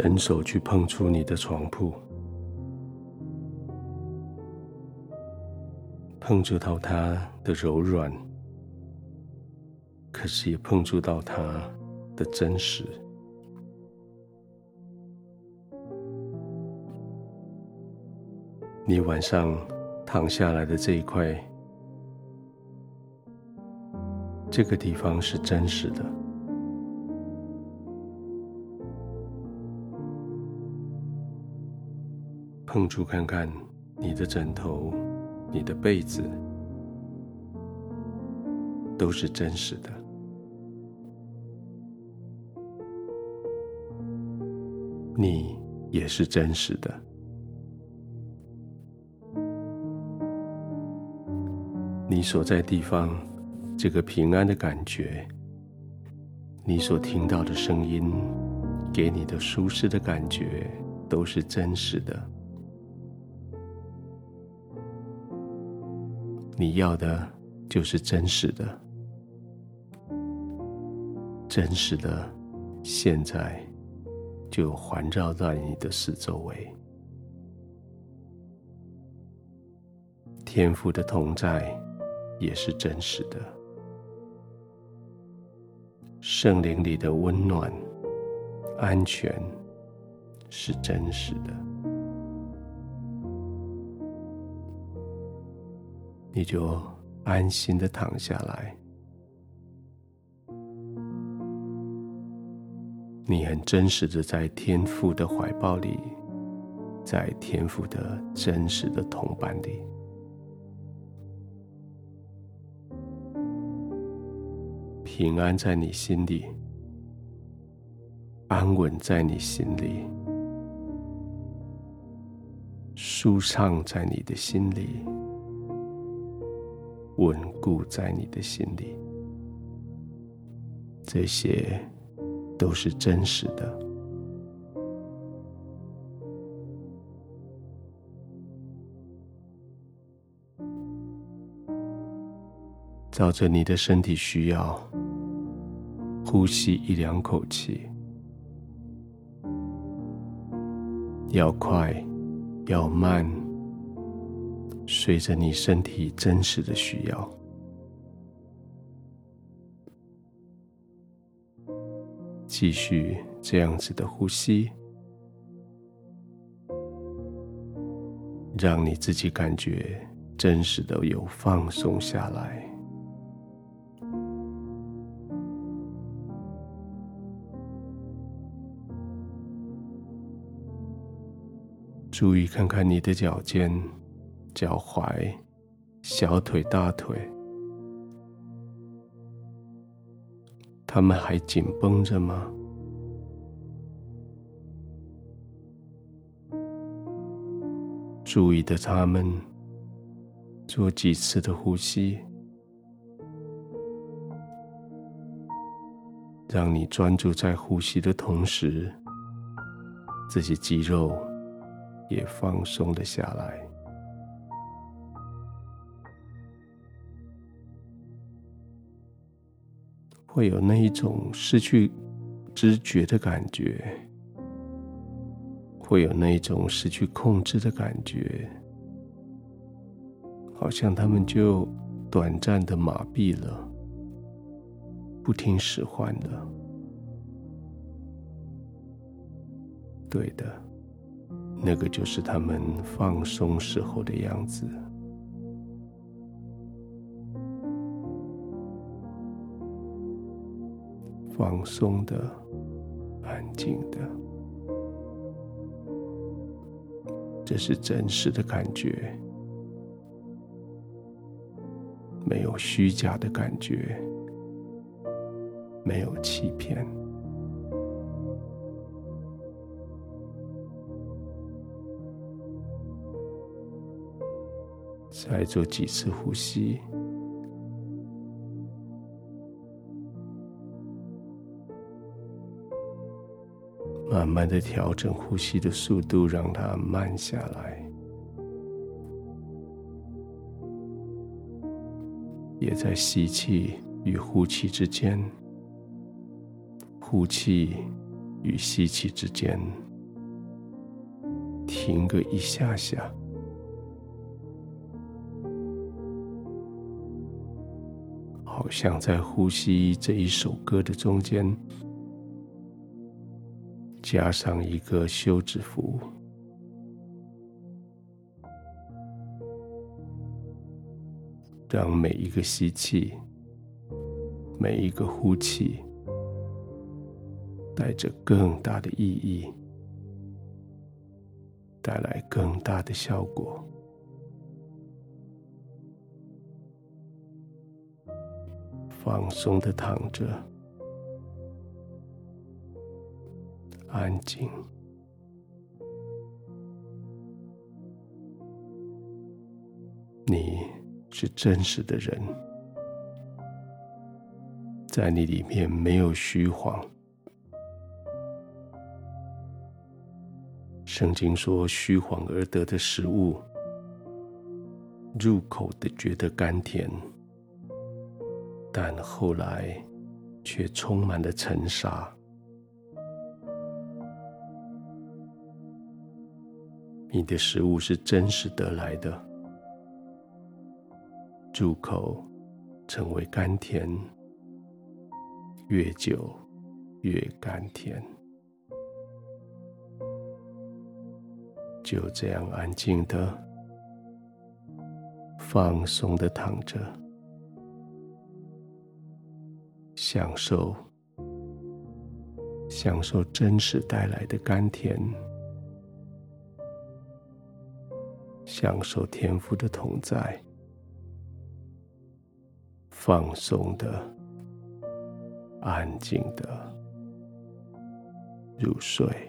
伸手去碰觸你的床鋪，碰觸到它的柔軟，可是也碰觸到它的真實。你晚上躺下來的這一塊，這個地方是真實的。碰觸看看，你的枕頭、你的被子都是真實的，你也是真實的。你所在地方這個平安的感覺，你所聽到的聲音，給你的舒適的感覺，都是真實的。你要的就是真實的，真實的現在就環繞在你的四周圍，天父的同在也是真實的，聖靈裡的溫暖、安全是真實的。你就安心的躺下來，你很真實的在天父的懷抱裡，在天父的真實的同伴裡，平安在你心裡，安穩在你心裡，舒暢在你的心裡。穩固在你的心裡，這些都是真實的。照着你的身體需要，呼吸一兩口氣，要快，要慢。隨着你身體真實的需要，繼續這樣子的呼吸，讓你自己感覺真實的有放鬆下來。注意看看你的腳尖。腳踝、小腿、大腿，他們還緊繃着嗎？注意的，他們做幾次的呼吸，讓你專注在呼吸的同時，這些肌肉也放鬆了下來。會有那一種失去知覺的感覺，會有那一種失去控制的感覺，好像他們就短暫的麻痹了，不聽使喚了。對的，那個就是他們放鬆時候的樣子。放鬆的、安靜的，這是真實的感覺，沒有虛假的感覺，沒有欺騙。再做幾次呼吸。慢慢的調整呼吸的速度，讓它慢下來。也在吸氣與呼氣之間，呼氣與吸氣之間停個一下下，好像在呼吸這一首歌的中間。加上一個休止符，讓每一個吸氣、每一個呼氣，帶着更大的意義，帶來更大的效果。放鬆地躺着。安靜。你是真實的人，在你裡面沒有虛謊。聖經說：“虛謊而得的食物，入口的覺得甘甜，但後來卻充滿了塵沙。”你的食物是真實得來的，入口成為甘甜，越久越甘甜。就這樣安靜的、放鬆的躺着，享受、享受真實帶來的甘甜。享受天父的同在，放鬆的、安靜的入睡。